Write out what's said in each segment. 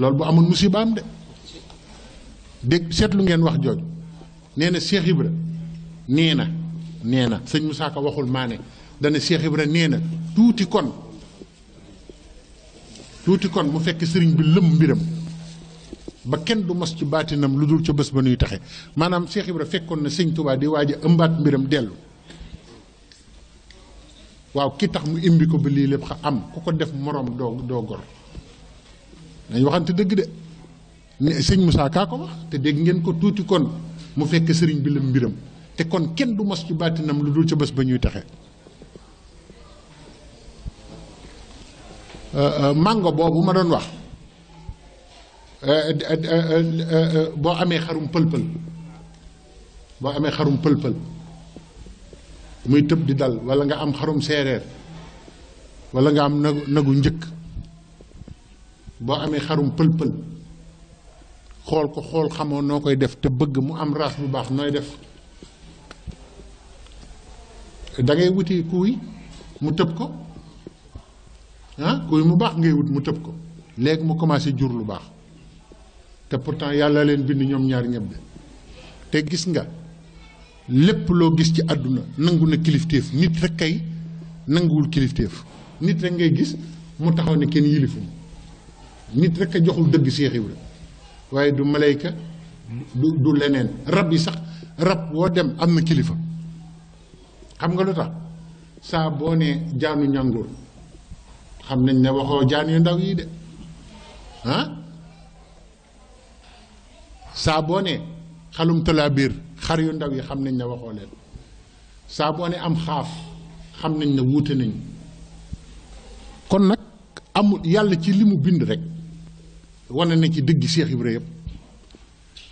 loolu bu amoon musibaam de dégg seetlu ngeen wax jooju nee na Cheikh Ibra nee na nee na sëñ Moussa Ka waxul maa ne dana Cheikh Ibra nee na tuuti kon tuuti kon mu fekk sëriñ bi lëmb mbiram ba kenn du mos ci baatinam lu dul ca bés ba nuy taxe maanaam Cheikh Ibra fekkoon na sëñ Touba di waaj a ëmbaat mbiram dellu waaw ki tax mu imbi ko ba lii lépp xa am ku ko def moroom doo doo dañ waxante dëgg de sëñ Moussa Ka ko wax te dégg ngeen ko tuuti kon mu fekk sëriñ bi la mbiram te kon kenn du mos ci baatinam lu dul ci bës ba ñuy texe euh, euh, màngo boobu ma doon wax euh, boo amee xarum boo amee xarum pël-pël muy tëb di dal walla nga am xarum seereer walla nga am nagu nagu njëkk boo amee xarum pël-pël xool ko xool xamoo noo koy def te bëgg mu am ras bu baax nooy def da ngay wuti kuuy mu tëb ko ah kuuy mu baax ngay wut mu tëb ko léegi mu commencé jur lu baax te pourtant yàlla leen bind ñoom ñaar ñëpp te gis nga lépp loo gis ci àdduna nangu na kilifteef nit rek kay nanguwul kilifteef nit rek ngay gis mu taxaw ne kenn yilifu nit rek a joxul dëgg Cheikh Ibra waaye du malayka du du leneen rab yi sax rab woo dem am na kilifa xam nga lu tax saa boo nee jaanu ñàngoor xam nañ ne waxoo jaan yu ndaw yii de ah saa boo xalum talaa xar yu ndaw yi xam nañ ne waxoo leen saa ne am xaaf xam nañ ne wuute nañ kon nag amul yàlla ci li mu bind rek wane na ci dëgg Cheikh Ibra yëpp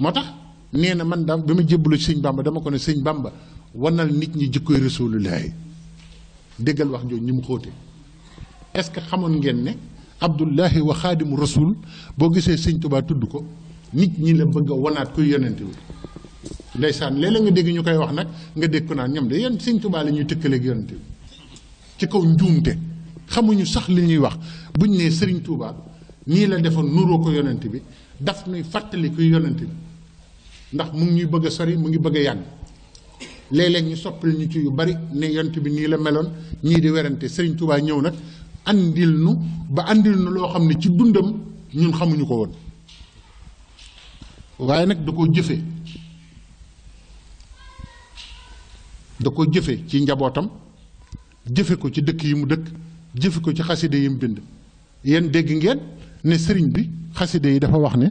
moo tax nee na man daal ba ma jébbalu sëñ Bamba dama ko ne sëñ Bamba wanal nit ñi jikkoy Rasulullahi déggal wax jooju ñu mu xóote est-ce que xamoon ngeen ne Abdullahi wa xaadimu rasul boo gisee siñ Tuubaa tudd ko nit ñi la bëgg a wanaat koy yonente wi ndeysaan léeg-léeg nga dégg ñu koy wax nag nga dégg ko naan ñoom de yéen sëñ Tuubaa la ñuy tëkkaleeg yonente ci kaw njuumte xamuñu sax li ñuy wax buñ nee sëriñ Tuubaa nii la defoon nuroo ko yonent bi daf nuy fàttali kuy yonent bi ndax mu ngi bëgg a sori mu ngi bëgg a yàgg léeg-léeg ñu soppali ñu ci yu bari ne yonent bi nii la meloon ñii di werante Serigne Touba ñëw nag andil nu ba andil nu loo xam ne ci dundam ñun xamuñu ko woon waaye nag da koo jëfe da koo jëfe ci njabootam jëfe ko ci dëkk yi mu dëkk jëfe ko ci xaside yi mu bind yéen dégg ngeen ne serigne bi khasside yi dafa wax ne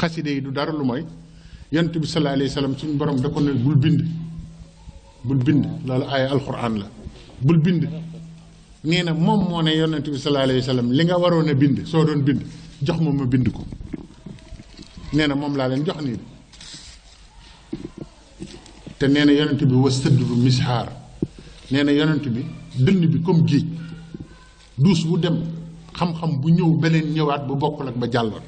khasside yi du dara lu mooy yonent bi sallallahu alayhi wasallam suñu borom da ko ne bul bind bul bind lolu ay alquran la bul bind neena mom mo ne yonent bi sallallahu alayhi wasallam li nga warone bind so doon bind jox mom ma bind ko neena mom la len jox ni te neena na bi was sëdd bu mishaar nee bi dënn bi comme géej douce bu dem xam-xam bu ñëw beneen ñëwaat bu bokk ak ba jàlloon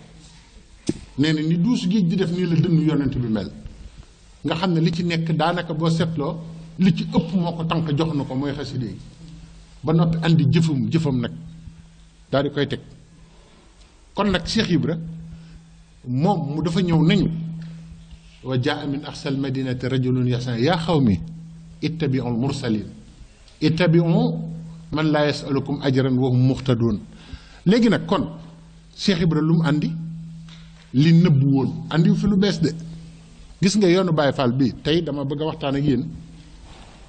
nee na ni duus géej di def nii la dënn yonent bi mel nga xam ne li ci nekk daanaka boo seetloo li ci ëpp moo ko tànk jox na ko mooy xaside yi ba noppi andi jëfam jëfam nag daal di koy teg kon nag Cheikh Ibra moom mu dafa ñëw nañu wa jaa min axsal madinati rajulun yasan yaa xawmi ittabiu al mursalin ittabiu man laa yasalukum ajran wa hum muxtadoon léegi nak kon cheikh ibra lum andi li neub won andi fi lu bes de gis nga yoonu Baye Fall bi tay dama bëgg waxtaan ak yeen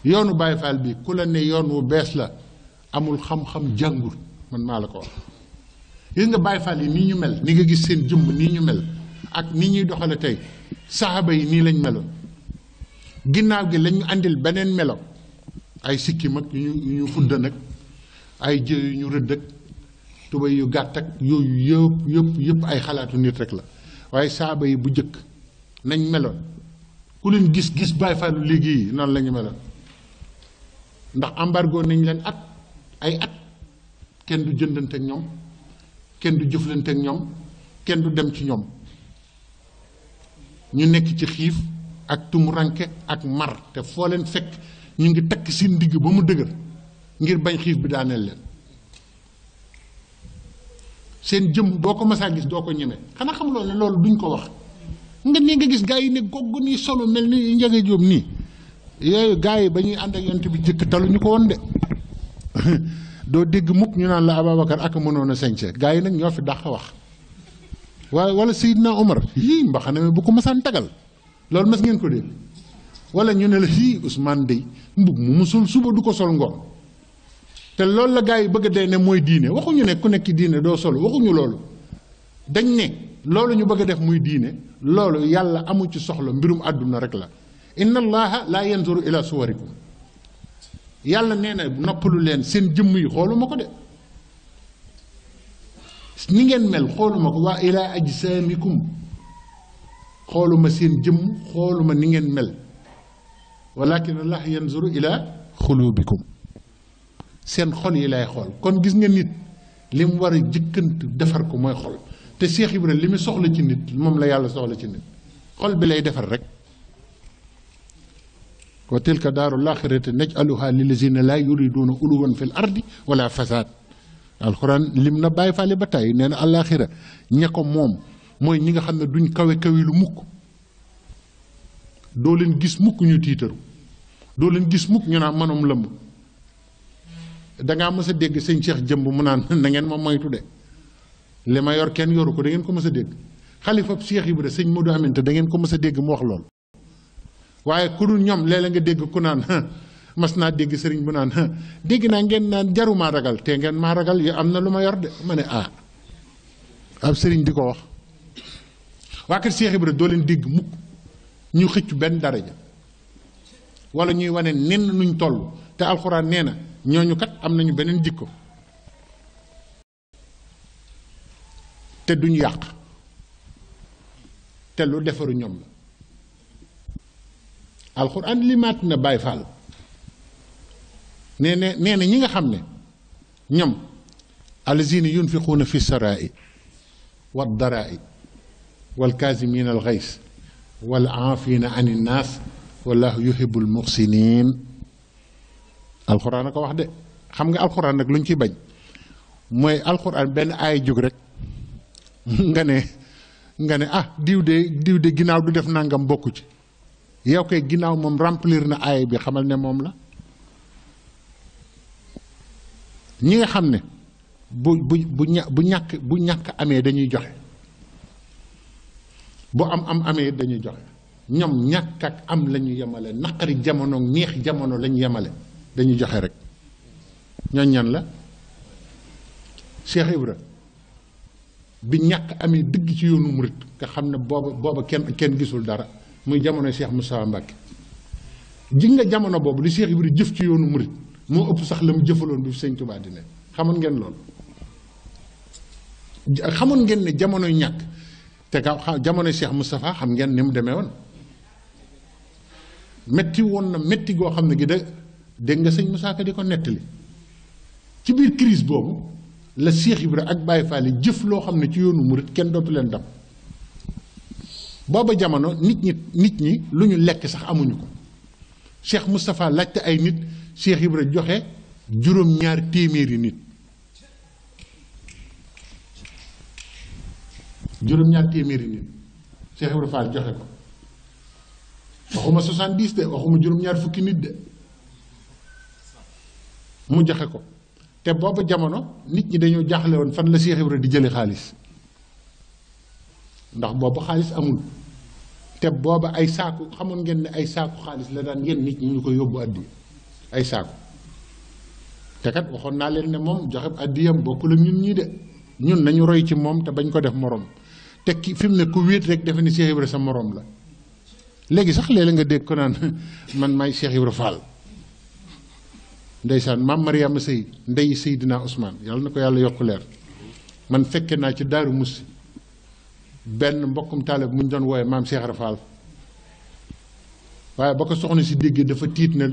yoonu Baye Fall bi kula ne yoon wu la amul xam-xam jangul man maa ko gis nga Baye Fall ni ñu mel ni nga gis seen jëm ni ñu mel ak ni ñuy doxale tay sahaba yi ni lañ melo ginnaw gi lañ andil benen melo ay sikki mak ñu ñu fudd ay jëy ñu tuba yu gàtt ak yooyu yëpp yëpp yëpp ay xalaatu nit rek la waaye saaba yi bu jëkk nañ meloon ku leen gis gis bàyyi faalu léegi yi noonu la ñu meloon ndax embargo nañ leen at ay at kenn du jëndante ak ñoom kenn du jëflante ak ñoom kenn du dem ci ñoom ñu nekk ci xiif ak ranke ak mar te foo leen fekk ñu ngi takk seen ndigg ba mu dëgër ngir bañ xiif bi daaneel leen seen jëm boo ko masaa gis doo ko ñeme xanaa xam loolu loolu duñ ko wax nga ni nga gis gaa yi ne gogg ni solo mel ni njaga jóom ni yooyu gaa yi ba ñuy ànd ak yonte bi jëkk taluñu ko woon de doo dégg mukk ñu naan la ababacar ak mënoon a sañse gaa yi nag ñoo fi wax wala sayidna omar yii mbax na bu ko tagal loolu mas ngeen ko dégg wala ñu ne la yii ousmane dey mbub mu musul suba du ko sol ngoon te lool la gaay bëgg dé ne moy diine waxu ñu ne ku nekk diine doo solo ñu lool dañ ne lool ñu bëgg def moy diine lool yàlla amu ci soxla mbirum aduna rek la inna allah la yanzuru ila suwarikum yàlla né na noppalu leen seen jëm yi xooluma ko de ni ngeen mel xooluma ko waa ila ajsamikum xooluma seen jëm xooluma ni ngeen mel walakin allah yanzuru ila xulubikum seen xol yi lay xol kon gis nga nit lim mu war a jëkkant defar ko mooy xol te Cheikh ibrahim limi soxla ci nit moom la yàlla soxla ci nit xol bi lay defar rek wa tilka daaru laaxirati najaluha lil lillazina la yuriduna uluwan fil ardi wala fasaad alxuraan lim na bay faale batay neena nee na àllaaxira ña ko ñi nga xamne duñ kawe kawe lu mukk do leen gis mukk ñu tiitaru do leen gis mukk ñu na manum lamb da nga mësa dégg sëñ Cheikh jëmb mu naan na ngeen ma moytu dé li ma yor kenn yoru ko da ngeen ko mësa dégg khalifa Cheikh dé sëñ Modou aminte da ngeen ko mësa dégg mu wax lool waye ku dul ñom léeg-léeg nga dégg ku naan masna dégg bu naan dégg na ngeen naan jaruma ragal té ngeen ya, ma ragal yu amna luma yor dé mané ah ab sëriñ diko wax wa kër Cheikh do len dégg mukk ñu xëccu ben daraja wala ñuy wané nen nuñ tollu té alcorane néna ñooñu kat am nañu beneen jikko te duñ yàq te lu defaru ñoom la alxuraan limaat na Baay fàll nee na nee na ñi nga xam ne ñoom alazina yunfiquuna fi sarai wa darai wal kaazimina al xays wal aafina an innaas wallahu yuhibbul muxsinin alxuraan a ko wax de xam nga alxuraan nag lu ñu ciy bañ mooy alxuraan benn aay jóg rek nga ne nga ne ah diw de diw de ginnaaw du def nangam bokku ci yow kay ginnaaw moom remplir na aay bi xamal ne moom la ñi nga xam ne bu bu bu ña ñàkk bu ñàkk amee dañuy joxe bu am am amee dañuy joxe ñoom ñàkk ak am la ñu yemale naqari jamono neex jamono la ñu yemale dañu joxe rek ñooñ ñan la Cheikh Ibra bi ñàkk amee dëgg ci yoonu murit nga xam ne booba booba kenn gisul dara muy jamono Cheikh Moustapha Mbacke ji nga jamono boobu li Cheikh Ibra jëf ci yoonu murit moo ëpp sax la mu jëfaloon bi Sëñ Tuubaa di ne xamoon ngeen loolu xamoon ngeen ne jamonoy ñàkk te ka jamono Cheikh Moustapha xam ngeen ni mu demee woon metti woon na metti goo xam ne gi da dégg nga sëñ Moussa Ka di ko nettali ci biir crise boobu la Cheikh Ibra ak Baye Fall jëf loo xam ne ci yoonu murit kenn dootu leen dam booba jamono nit ñi nit ñi lu ñu lekk sax amuñu ko Cheikh Moustapha laajte ay nit Cheikh Ibra joxe juróom-ñaar téeméeri nit juróom-ñaar téeméeri nit Cheikh Ibra joxe ko waxuma 70 de waxuma juróom-ñaar fukki nit de. mu joxe ko te booba jamono nit ñi dañoo jaaxle woon fan la Cheikh Ibra di jële xaalis ndax boobu xaalis amul te booba ay saaku xamoon ngeen ne ay saaku xaalis la daan yéen nit ñi ñu ko yóbbu addi ay saaku te kat waxoon naa leen ne moom joxe addiyam bokkul ak ñun ñii de ñun nañu roy ci moom te bañ ko def morom te ki fi mu ne ku wéet rek defe ni Cheikh sa moroom la léegi sax léeg-léeg nga dégg ko naan man maay Cheikh Ibra ndaysan mam mariam Sey ndey sayidina usman yalla nako yalla yàlla leer man fekke na ci daru Musi ben mbokum talib mu ñu woy mam Cheikh rafal waye bako soxna si degge dafa tit ne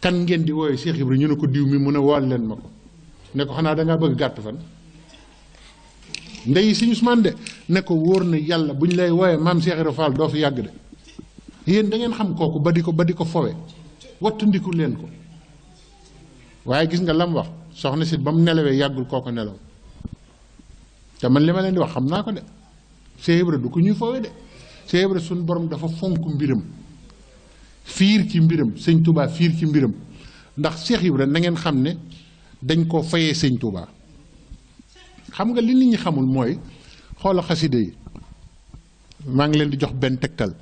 kan ngeen di woy Cheikh ibrahim ñu ne ko diw mi mu ne wal leen mako ne ko da nga bëgg gatt fan ndey seigne usman de ne ko wor na yalla buñ lay woy mam Cheikh rafal do fi yag de yeen da ngeen xam koku badiko badiko fowé ko waaye gis nga lam wax soxna si ba mu nelawee yàggul kooko nelaw te man li ma leen di wax xam naa ko de Cheikh Ibra du ko ñuy foowee de Cheikh suñ suñu borom dafa fonk mbiram fiir ci mbiram sëñ Touba fiir ci mbiram ndax Cheikh Ibra na ngeen xam ne dañ koo fayee sëñ Touba xam nga li nit ñi xamul mooy xoola xaside yi maa ngi leen di jox benn tegtal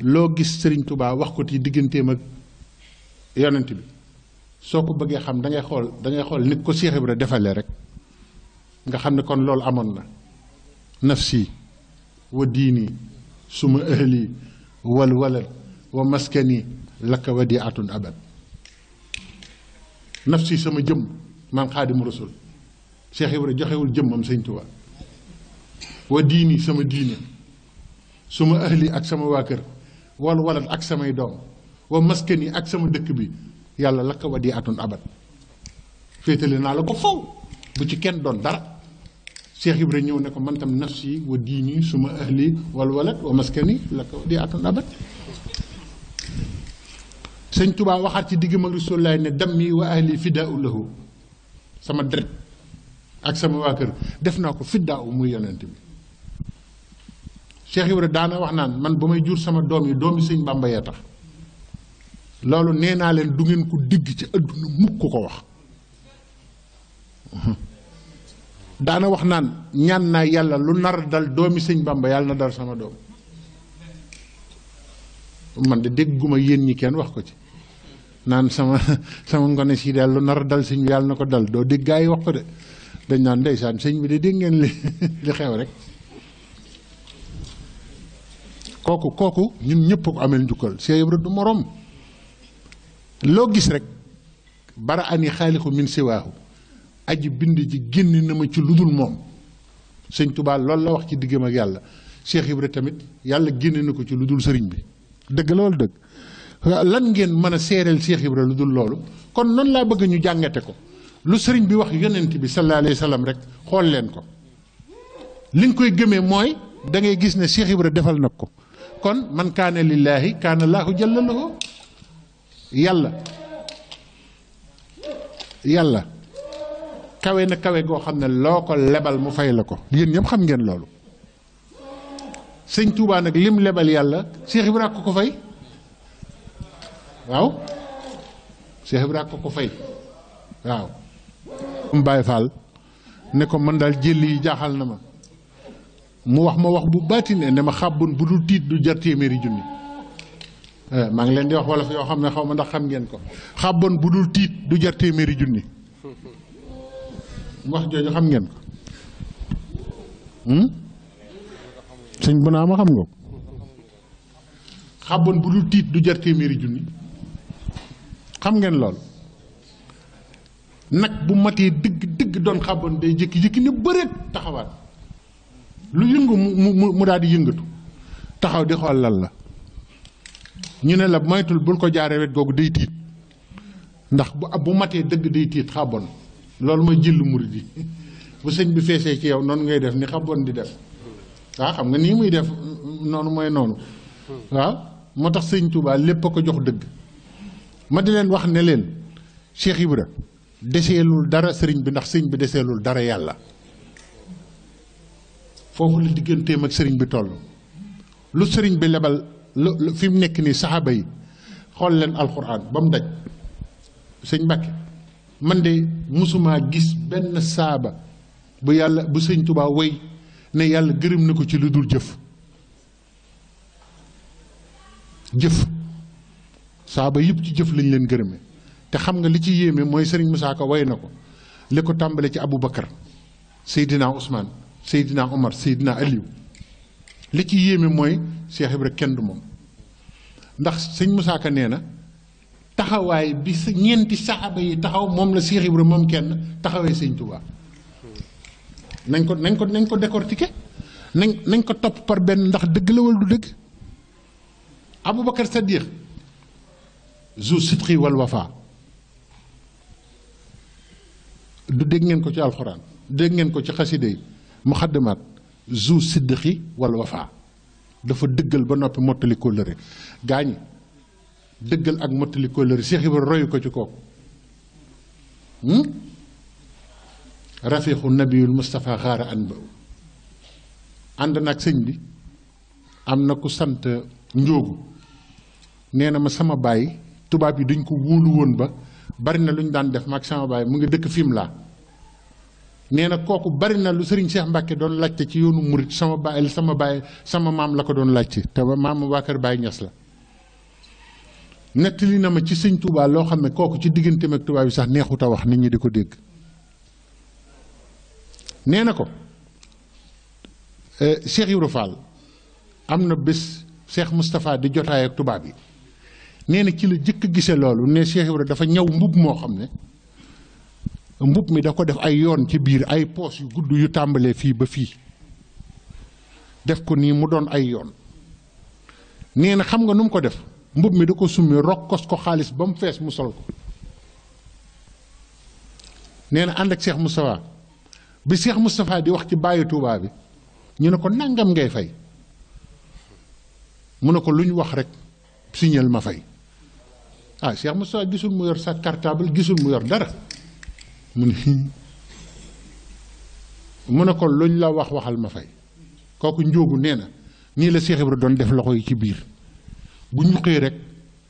loo gis sëriñ Touba wax ko ci digganteem ak yonent bi soko ko xam da ngay xol da ngay xol nit ko Cheikh Ibra defalé rek nga xam kon lool amon na nafsi wa dini suma ahli wal walad wa maskani lak wadi'atun atun abad nafsi sama jëm man khadim rasul Cheikh Ibra joxewul jëmmam seigne touba wa dini sama dini suma ahli ak sama wa kër wal walad ak samay doom wa maskani ak sama dëkk bi yàlla lakk wa di atun abat féetale naa la ko faw bu ci kenn doon dara Cheikh Ibra ñëw ne ko man tam nafsi wa diini suma ahli wal walad wa maskani lakk wa di atun abad sëñ Tuubaa waxaat ci digg mag Rasulullah ne dammi wa ahli fidaau lahu sama deret ak sama waa kër def naa ko fiddaaw muy yonent bi Cheikh Ibra daana wax naan man ba may jur sama doom yi doomi sëñ Bàmba yee tax loolu nee naa leen du ngeen ko digg ci adduna mukk ko wax daana wax naan ñaan naa yàlla lu nar dal doomi sëñ Bamba yàlla na dal sama doom man de dégguma yéen ñi kenn wax ko ci naan sama sama ngone si daal lu nar dal sëñ bi yàlla na ko dal doo dégg yi wax ko de dañ naan ndeysaan sëñ bi de dégg ngeen li xew rek kooku kooku ñun ñëpp ko ameel njukkal Cheikh Ibrahima du morom loo gis rek bara ani xaalixu min siwaahu aji bind ji génn na ma ci lu dul moom sëñ tubaal loolu la wax ci diggam ak yàlla Cheikh Ibra tamit yàlla génn na ko ci lu dul sëriñ bi dëgg loolu dëgg lan ngeen mën a seereel Cheikh Ibra lu dul loolu kon noonu laa bëgg ñu jàngate ko lu sëriñ bi wax yonent bi sallallahu alayhi wa sallam rek xool leen ko li nga koy gëmee mooy dangay gis ne Cheikh Ibra defal na ko kon man kaana lillaahi kaana laahu jalla lahu yàlla yàlla kawe na kawe goo xam ne loo ko lebal mu fay la ko yéen yëpp xam ngeen loolu sëñ Touba nag lim lebal yàlla Cheikh Ibra ko ko fay waaw Cheikh Ibra ko ko fay waaw. mu Baye Fall ne ko mën daal jël yi jaaxal na ma mu wax ma wax bu baatine ne ma xàbbun bu dul tiit du jar téeméeri junni. Eh, maa ngi leen di wax wolof yoo xam ne xaw ma ndax xam ngeen ko xàbbon bu dul tiit du jar téeméeri junni wax xam ngeen ko hmm? sëñ xam nga ko xàbbon tiit du jar téeméeri junni xam ngeen lool nag bu matee dëgg dëgg doon xàbbon day jékki-jékki ne bëreet taxawaat lu yëngu mu mu mu daal di yëngatu taxaw di xool lal la ñu ne la maytul bul ko jaare wet gogu day tit ndax bu bu maté deug day tit xabon lolou moy jillu mouride bu señ bi fessé ci yow non ngay def ni xabon di def wa xam nga ni muy def non moy non wa motax señ touba lepp ko jox deug ma di len wax ne len Cheikh Ibra déssélul dara señ bi ndax señ bi déssélul dara yalla fofu la digënté mak señ bi toll lu señ bi lebal lu fi mu nekk nii saxaaba yi xool leen alxuraan ba mu daj sëñ Mbàkke man de mësumaa gis benn saaba bu yàlla bu sëñ Tuubaa woy ne yàlla gërëm na ko ci lu dul jëf jëf saaba yëpp ci jëf lañ leen gërëme te xam nga li ci yéeme mooy sëriñ Musaa Ka woy na ko li ko tàmbale ci Abu Bakar Seydina Ousmane Seydina Omar Seydina Aliou li ci yéeme mooy Cheikh Ibra kenn du moom ndax sëñ Moussa Ka nee na taxawaay bi sa ñeenti saaba yi taxaw moom la Cheikh Ibra moom kenn taxawee sëñ Touba nañ ko nañ ko nañ ko décortiquer nañ nañ ko topp par benn ndax dëgg la wala du dëgg Aboubacar Saddiq zu sidqi wal wafa du dégg ngeen ko ci alxuraan dégg ngeen ko ci xaside yi muxaddimaat zu siddiqi wala dafa dëggal ba noppi mottali kóllëre gaañ dëggal ak mottali kóllëre Cheikh Ibra royu ko ci kooku hmm? rafiqu nabiyul Moustapha xaara an ba ànd naag sëñ bi am na ku sant njóogu nee na ma sama baay tubaab yi duñ ko wóolu woon ba bari na lu ñu daan def maag sama baay mu ngi dëkk laa nee na kooku bari na lu Serigne Cheikh Mbacke doon laajte ci yoonu murit sama baay sama baay sama maam la ko doon laajte te ma maam waa kër Baye Niass la. nettali na ma ci sëñ Touba loo xam ne kooku ci digganteem ak tubaab bi sax neexut a wax nit ñi di ko dégg nee na ko eh, Cheikh Ibra am na bés Cheikh Moustapha di jotaay ak tubaab yi nee na ci la jëkk gise loolu ne Cheikh Ibra dafa ñaw mbubb moo xam ne. mbub mi da ko def ay yoon ci biir ay poos yu gudd yu tàmbalee fii ba fii def ko nii mu doon ay yoon nee na xam nga nu mu ko def mbub mi da ko summi rokkos ko xaalis ba mu fees mu sol ko nee na ànd ak Cheikh Moustapha bi seex Moustapha di wax ci bàyyi tuubaa bi ñu ne ko nangam ngay fay mu ne ko lu ñu wax rek signal ma fay ah Cheikh Moustapha gisul mu yor sa cartable gisul mu yor dara mu ne mu ne ko luñ la wax waxal ma fay kooku njóogu nee na ñii la Cheikh Ibra doon def loxo yi ci biir bu ñu rek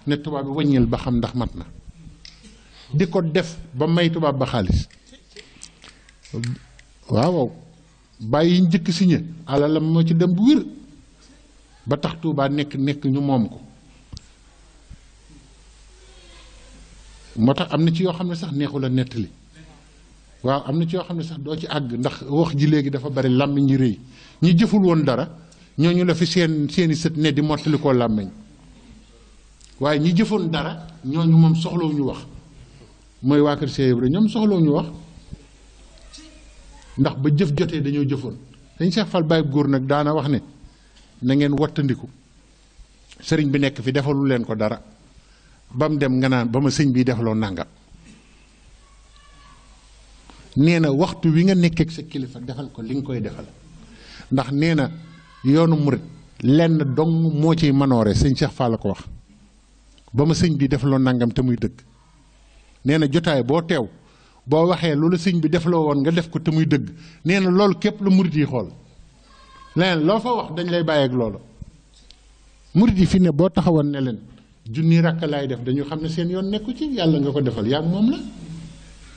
ne tubaab bi wàññil ba xam ndax mat na di ko def ba may tubaab ba xaalis waaw bàyyi njëkk si ñe alalam moo ci dem bu wér ba tax Tuubaa nekk nekk ñu moom ko moo tax am na ci yoo xam ne sax neexu la nettali waaw am na ci yoo xam ne sax doo ci àgg ndax wax ji léegi dafa bari làmmiñ yi rëy ñi jëful woon dara ñooñu la fi seen seeni sët ne di mottali koo làmmiñ waaye ñi jëfoon dara ñooñu moom soxlawu ñu wax mooy waa kër Cheikh Ibra ñoom soxlawu wax ndax ba jëf jotee dañoo jëfoon dañ Cheikh Fall Baye góor nag daana wax ne na ngeen wattandiku sëriñ bi nekk fi defalu leen ko dara bam dem nga naan ba ma sëñ bi defaloo nangam. nee na waxtu wi nga nekk sa kilifa defal ko li nga koy defal ndax nee na yoonu murit lenn dong moo ciy manoore sëñ Cheikh Fall la ko wax ba ma sëñ bi defloo nangam te muy dëgg nee na jotaay boo teew boo waxee loolu sëñ bi defloo woon nga def ko te muy dëgg nee na loolu képp lu murit yi xool leneen loo fa wax dañ lay bàyyeeg loolu murit yi fi ne boo taxawoon ne leen junni rakk laay def dañu xam ne seen yoon nekku ci yàlla nga ko defal yaa moom la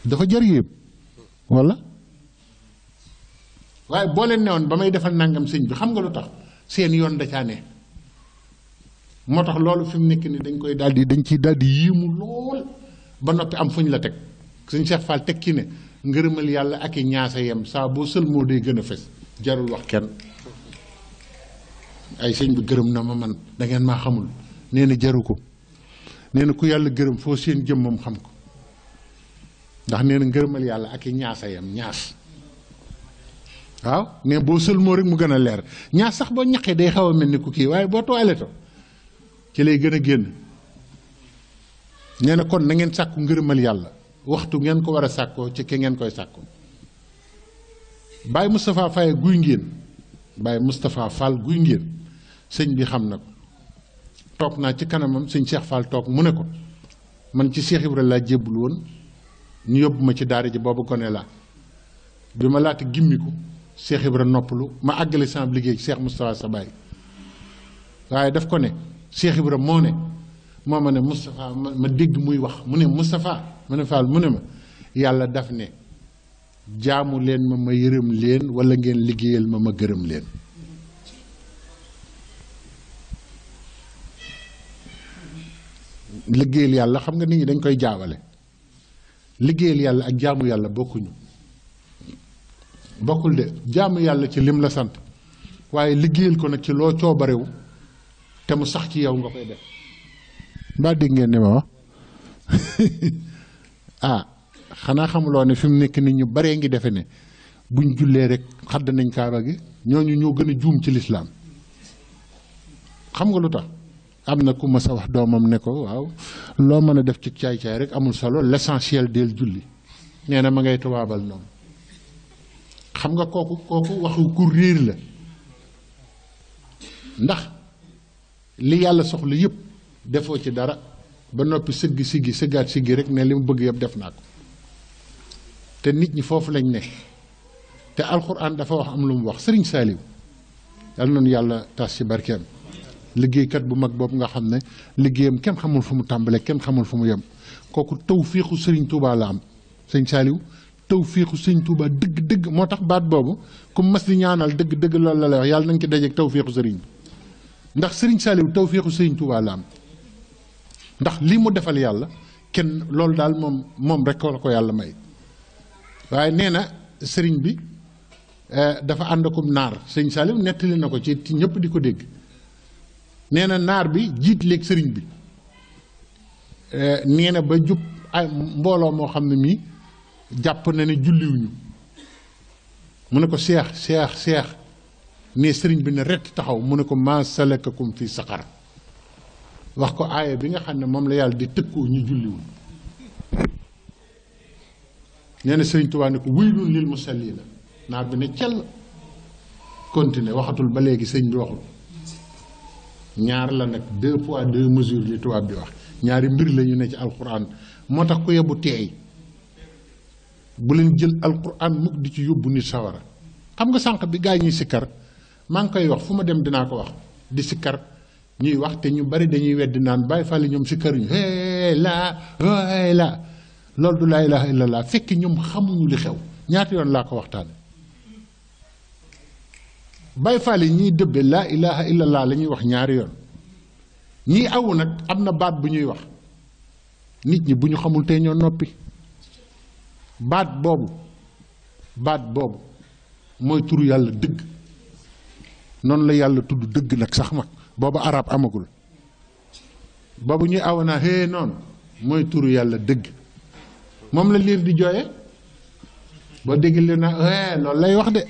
dafa jar yëpp wala waaye boo leen woon ba may defal nangam sëñ bi xam nga lu tax seen yoon da moo tax loolu fi nekk ni dañ koy daal di dañ ciy daldi di yiimu lool ba noppi am fuñ la teg suñ Cheikh Fall teg ci ne ngërëmal yàlla ak i ñaasa yem saa boo sël moo day gën a fes jarul wax kenn ay sëñ bi gërëm na ma man dangeen ngeen maa xamul nee jaru ko nee na ku yàlla gërëm foo seen jëmmam xam ko ndax nee na ngërëmal yàlla ak i ñaasa yam ñaas waaw ne boo sëlmoo rek mu gën a leer ñaas sax boo ñaqee day xaw a mel ni ku kii waaye boo toiletto ci lay gën a génn nee na kon na ngeen sàkku ngërëmal yàlla waxtu ngeen ko war a sàkkoo ci ki ngeen koy sàkkoo Baye Moustapha Faye guy ngéen Baye Moustapha Fall guy ngéen sëñ bi xam na ko toog naa ci kanamam sëñ Cheikh Fall toog mu ne ko man ci Cheikh Ibrahima laa jébbul woon ñu yóbbu ma ci daara ji boobu gone la bi ma laata gimmiku Cheikh Ibra noppalu ma àggale sama liggéey Cheikh sa Sabaye waaye daf ko ne seex Ibra moo ne moo ma ne Moustapha ma dégg muy wax mu ne Moustapha ma ne Fall mu ne ma yàlla daf ne jaamu leen ma ma yërëm leen wala ngeen liggéeyal ma ma gërëm leen liggéeyal yàlla xam nga nit ñi dañ koy jaawale liggéeyal yàlla ak jaamu yàlla bokkuñu bokkul de jaamu yàlla ci lim la sant waaye liggéeyal ko nag ci loo coobarewu te mu sax ci yow nga koy def mbaa dégg ngeen ni ma wax ah xanaa xamuloo ne fi mu nekk nit ñu baree ngi defe ne ñu jullee rek xadd nañ kaaba gi ñooñu ñoo gën a juum ci lislaam xam nga lu tax am na ku ma sa wax doomam ne ko waaw loo mën a def ci caay-caay rek amul solo l'essentiel del julli nee ma ngay tubaabal noonu xam nga kooku kooku waxu ku réer la ndax li yàlla soxla yëpp defoo ci dara ba noppi sëgg siggi sëggaat siggi rek ne li mu bëgg yëpp def naa ko te nit ñi foofu lañ ne te alxuraan dafa wax am lu mu wax sëriñ saaliw yal na yàlla tas ci barkeem liggéeykat bu mag boobu nga xam ne liggéeyam kenn xamul fu mu tàmbalee kenn xamul fu mu yem kooku tawfiixu Serigne Touba la am sëñ Saliou tawfiixu Serigne Touba dëgg dëgg moo tax baat boobu ku mas di ñaanal dëgg dëgg loolu la lay wax yàlla nañ ci dajeeg tawfiixu Serigne ndax Serigne Saliou tawfiixu Serigne Touba la am ndax lii mu defal yàlla kenn loolu daal moom moom rek la ko yàlla may waaye nee na Serigne bi dafa ànd akum naar sëñ Saliou nettali na ko ci ñëpp di ko dégg. nee na naar bi jiit leeg sëriñ bi eh, nee na ba jub ay mbooloo moo xam ne mii jàpp na ne julliwuñu mu ne ko seex seex seex ne sëriñ bi ne rett taxaw mu ne ko maa salakakum fii saqar wax ko aaya bi nga xam ne moom la yàlla di tëkkoo ñu julliwuñ nee na sëriñ Tuubaa ne ko waylun lil musalliina naar bi ne cell continué waxatul ba léegi sëriñ bi waxul ñaar la nak deux fois deux mesures li tubaab bi wax ñaari mbir la ñu ne ci alquran motax ko ku yebu teey bu leen jël alquran mukk di ci yobbu nit sawara xam nga sank bi gaay ñi sikkar ma ngi koy wax fuma dem dina ko wax di sikkar ñuy wax te ñu bari dañuy wedd naan bay bàyyi fàlli ñoom ñu hee la hee la lol du la ilaha illallah fekk ñoom xamuñu li xew ñaati yon la ko waxtane bay faal yi ñiy dëbbe laa ilaha illallah la ñuy wax ñaari yoon ñii awu nag am na baat bu ñuy wax nit ñi bu ñu xamul tey ñoo noppi baat boobu baat boobu mooy turu yàlla dëgg noonu la yàlla tudd dëgg nag sax ma boobu arab amagul boobu ñuy aw naa hee noonu mooy turu yàlla dëgg moom la liir di jooye boo dégg liir naa hee loolu lay wax de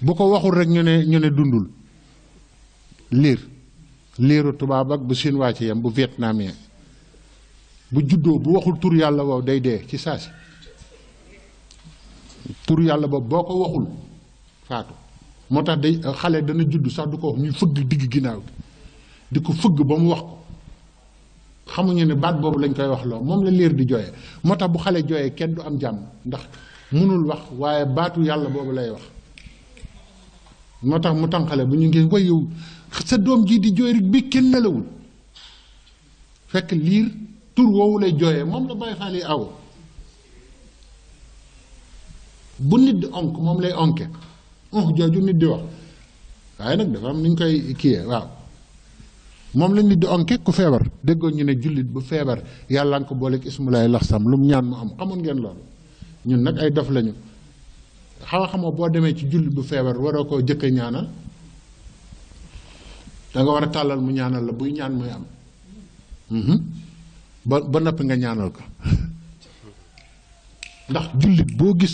bu ko waxul rek ñu ne ñu ne dundul lire lire tubaab ak bu chinois ci yam bu vietnamien bu juddo bu waxul tur yalla day dé ci saasi tur yalla bob boko waxul faatu motax day xalé dana judd sax du ko wax ñuy fëgg digg ginaaw di ko fëgg ba mu wax ko xamuñu ne baat boobu lañ koy wax lo mom la lire di joyé motax bu xalé joyé kenn du am jamm ndax mënul wax waye baatu yalla bobu lay wax moo tax mu tànqale bu ñu ngi wayow sa doom ji di jooy rek bi kenn nelawul fekk liir tur woowu lay jooyee moom la bàyyi faal yi aw bu nit di onk moom lay onke onk jooju nit di wax waaye nag dafa am ni ñu koy kiiyee waaw moom la nit di onke ku feebar déggoo ñu ne jullit bu feebar yàlla nga ko booleeg ismulaay laxsam lu mu ñaan mu am xamoon ngeen loolu ñun nag ay dof lañu xaw xamoo boo demee ci jullit bu feebar waroo koo jëkk ñaanal danga war a tàllal mu ñaanal la buy ñaan muy am mhm. ba ba noppi nga ñaanal ko ndax jullit boo gis